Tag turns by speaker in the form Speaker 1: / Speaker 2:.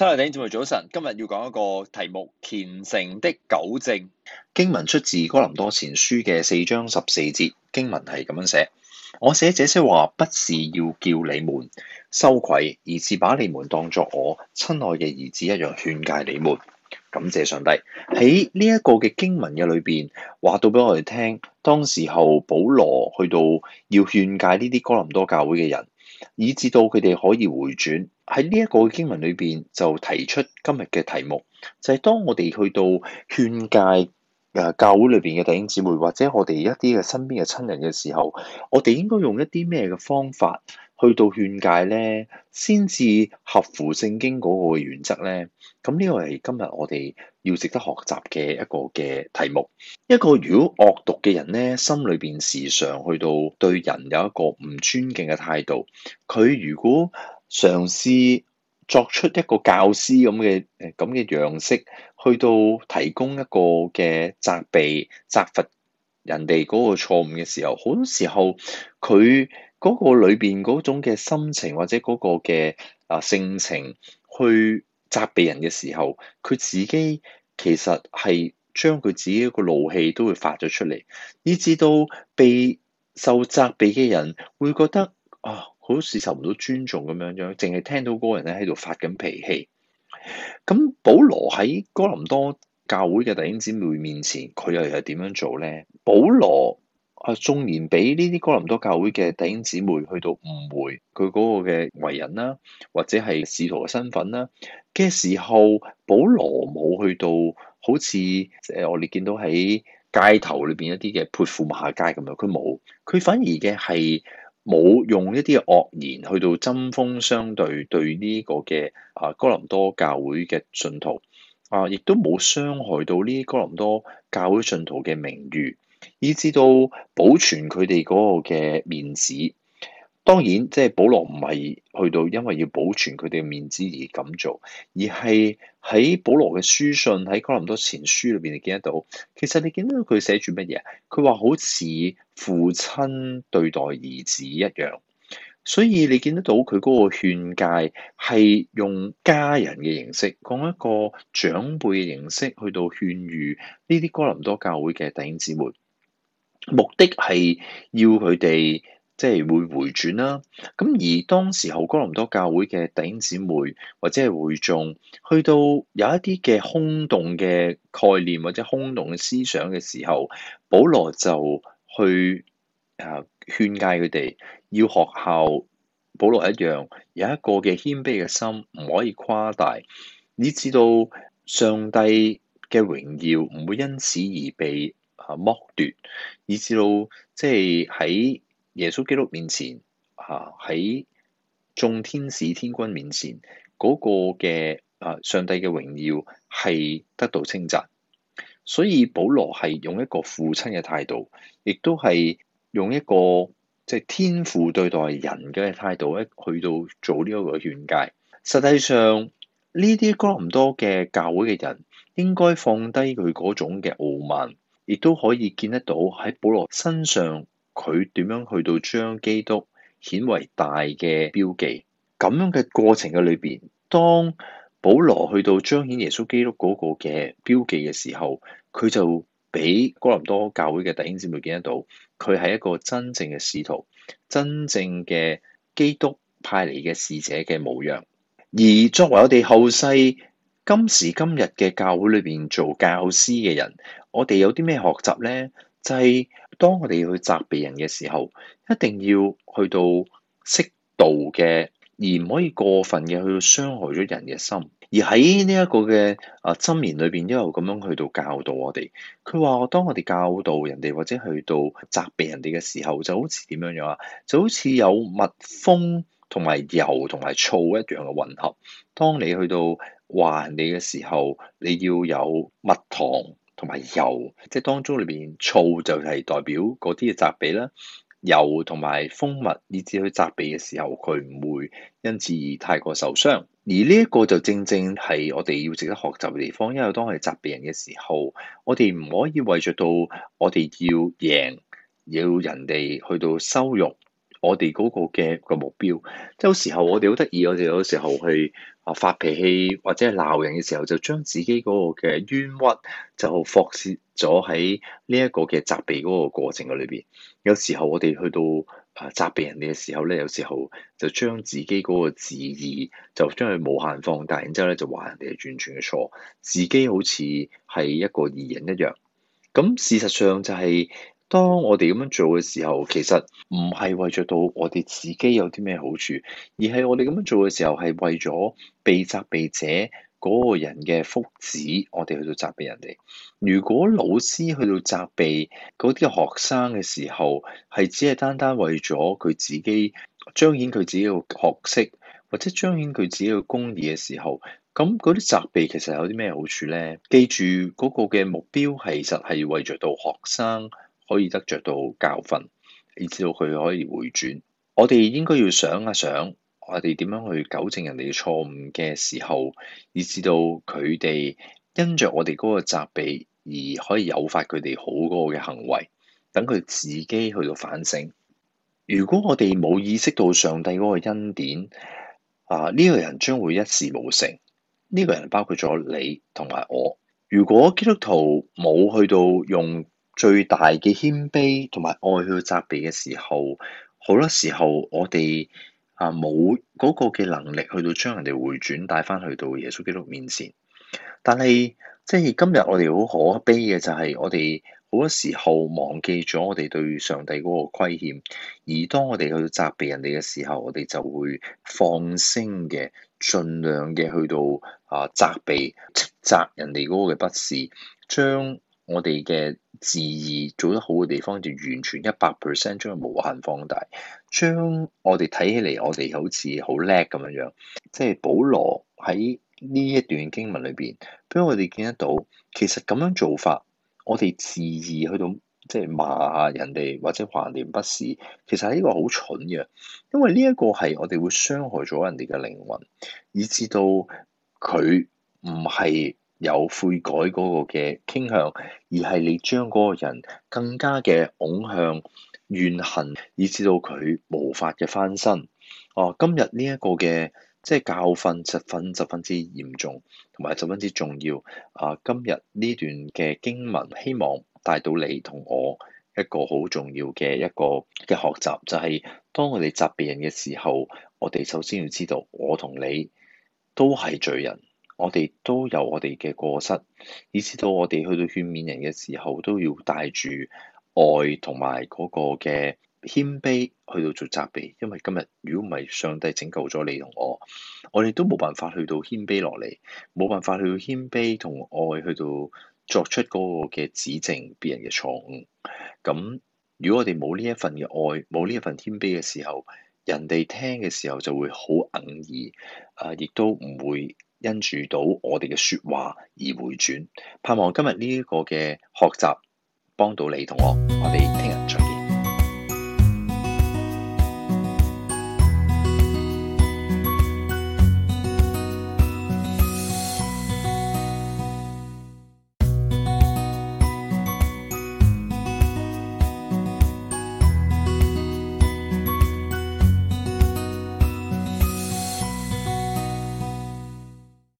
Speaker 1: 親愛弟兄姊妹早晨，今日要講一個題目：虔誠的糾正。經文出自哥林多前書嘅四章十四節，經文係咁樣寫：我寫這些話，不是要叫你們羞愧，而是把你們當作我親愛嘅兒子一樣勸誡你們。感謝上帝喺呢一個嘅經文嘅裏邊話到俾我哋聽，當時候保羅去到要勸誡呢啲哥林多教會嘅人，以至到佢哋可以回轉。喺呢一個經文裏邊就提出今日嘅題目，就係當我哋去到勸戒誒教會裏邊嘅弟兄姊妹，或者我哋一啲嘅身邊嘅親人嘅時候，我哋應該用一啲咩嘅方法去到勸戒呢？先至合乎聖經嗰個原則呢？咁呢個係今日我哋要值得學習嘅一個嘅題目。一個如果惡毒嘅人呢，心裏邊時常去到對人有一個唔尊敬嘅態度，佢如果嘗試作出一個教師咁嘅誒、咁嘅樣式，去到提供一個嘅責備責罰人哋嗰個錯誤嘅時候，好多時候佢嗰個裏邊嗰種嘅心情或者嗰個嘅啊、性情去責備人嘅時候，佢自己其實係將佢自己一個怒氣都會發咗出嚟，以至到被受責備嘅人會覺得啊～好似受唔到尊重咁樣樣，淨係聽到嗰個人咧喺度發緊脾氣。咁保羅喺哥林多教會嘅弟兄姊妹面前，佢又係點樣做咧？保羅啊，縱然俾呢啲哥林多教會嘅弟兄姊妹去到誤會佢嗰個嘅為人啦，或者係使徒嘅身份啦嘅時候，保羅冇去到好似誒、呃、我哋見到喺街頭裏邊一啲嘅潑婦罵街咁樣，佢冇，佢反而嘅係。冇用一啲惡言去到針鋒相對，對呢個嘅啊，哥林多教會嘅信徒啊，亦都冇傷害到呢哥林多教會信徒嘅名譽，以至到保存佢哋嗰個嘅面子。當然，即係保羅唔係去到因為要保存佢哋嘅面子而咁做，而係喺保羅嘅書信喺哥林多前書裏邊你見得到。其實你見到佢寫住乜嘢？佢話好似父親對待兒子一樣，所以你見得到佢嗰個勸戒係用家人嘅形式，講一個長輩嘅形式去到勸喻呢啲哥林多教會嘅弟兄姊妹。目的係要佢哋。即係會回轉啦、啊。咁而當時候，哥林多教會嘅弟兄姊妹或者係會眾，去到有一啲嘅空洞嘅概念或者空洞嘅思想嘅時候，保羅就去誒勸誡佢哋要學效保羅一樣，有一個嘅謙卑嘅心，唔可以誇大，以至到上帝嘅榮耀唔會因此而被誒剝奪，以至到即係喺。耶穌基督面前啊，喺眾天使天君面前嗰個嘅啊上帝嘅榮耀係得到稱讚，所以保羅係用一個父親嘅態度，亦都係用一個即係天父對待人嘅態度咧，去到做呢一個勸戒。實際上呢啲咁多嘅教會嘅人應該放低佢嗰種嘅傲慢，亦都可以見得到喺保羅身上。佢點樣去到將基督顯為大嘅標記？咁樣嘅過程嘅裏邊，當保羅去到彰顯耶穌基督嗰個嘅標記嘅時候，佢就俾哥林多教會嘅弟兄姊妹見得到，佢係一個真正嘅使徒，真正嘅基督派嚟嘅使者嘅模樣。而作為我哋後世今時今日嘅教會裏邊做教師嘅人，我哋有啲咩學習咧？就係、是。當我哋要去責備人嘅時候，一定要去到適度嘅，而唔可以過分嘅去到傷害咗人嘅心。而喺呢一個嘅啊箴言裏邊都有咁樣去到教導我哋。佢話：當我哋教導人哋或者去到責備人哋嘅時候，就好似點樣樣啊？就好似有蜜蜂同埋油同埋醋一樣嘅混合。當你去到話人哋嘅時候，你要有蜜糖。同埋油，即係當中裏邊醋就係代表嗰啲嘅責備啦。油同埋蜂蜜，以至去責備嘅時候，佢唔會因此而太過受傷。而呢一個就正正係我哋要值得學習嘅地方，因為當我哋責備人嘅時候，我哋唔可以為著到我哋要贏，要人哋去到羞辱。我哋嗰個嘅個目標，即係有時候我哋好得意，我哋有時候去啊發脾氣或者係鬧人嘅時候，就將自己嗰個嘅冤屈就放泄咗喺呢一個嘅責備嗰個過程嘅裏邊。有時候我哋去到啊責備人哋嘅時候咧，有時候就將自己嗰個自義就將佢無限放大，然之後咧就話人哋係完全嘅錯，自己好似係一個義人一樣。咁事實上就係、是。當我哋咁樣做嘅時候，其實唔係為著到我哋自己有啲咩好處，而係我哋咁樣做嘅時候係為咗被責備者嗰個人嘅福祉，我哋去到責備人哋。如果老師去到責備嗰啲學生嘅時候，係只係單單為咗佢自己，彰顯佢自己嘅學識，或者彰顯佢自己嘅公義嘅時候，咁嗰啲責備其實有啲咩好處咧？記住嗰個嘅目標，其實係為著到學生。可以得着到教訓，以至到佢可以回轉。我哋應該要想一想，我哋點樣去糾正人哋嘅錯誤嘅時候，以至到佢哋因着我哋嗰個責備而可以誘發佢哋好嗰個嘅行為，等佢自己去到反省。如果我哋冇意識到上帝嗰個恩典，啊呢個人將會一事無成。呢個人包括咗你同埋我。如果基督徒冇去到用，最大嘅謙卑同埋愛去責備嘅時候，好多時候我哋啊冇嗰個嘅能力去到將人哋回轉帶翻去到耶穌基督面前。但係即係今日我哋好可悲嘅就係我哋好多時候忘記咗我哋對上帝嗰個虧欠，而當我哋去責備人哋嘅時候，我哋就會放聲嘅，儘量嘅去到啊責備斥責，責人哋嗰個嘅不是，將，我哋嘅自意做得好嘅地方，就完全一百 percent 將無限放大，將我哋睇起嚟，我哋好似好叻咁樣樣，即係保羅喺呢一段經文裏邊，俾我哋見得到，其實咁樣做法，我哋自意去到即係罵下人哋或者話人哋不是，其實係呢個好蠢嘅，因為呢一個係我哋會傷害咗人哋嘅靈魂，以至到佢唔係。有悔改嗰個嘅傾向，而係你將嗰個人更加嘅擁向怨恨，以至到佢無法嘅翻身。啊，今日呢一個嘅即係教訓十分十分之嚴重，同埋十分之重要。啊，今日呢段嘅經文，希望帶到你同我一個好重要嘅一個嘅學習，就係當我哋責別人嘅時候，我哋首先要知道，我同你都係罪人。我哋都有我哋嘅過失，以至到我哋去到勸勉人嘅時候，都要帶住愛同埋嗰個嘅謙卑去到做責備。因為今日如果唔係上帝拯救咗你同我，我哋都冇辦法去到謙卑落嚟，冇辦法去到謙卑同愛去到作出嗰個嘅指正別人嘅錯誤。咁如果我哋冇呢一份嘅愛，冇呢一份謙卑嘅時候，人哋聽嘅時候就會好哽耳，啊，亦都唔會。因住到我哋嘅說話而回轉，盼望今日呢一個嘅學習幫到你同學，我哋聽日再見。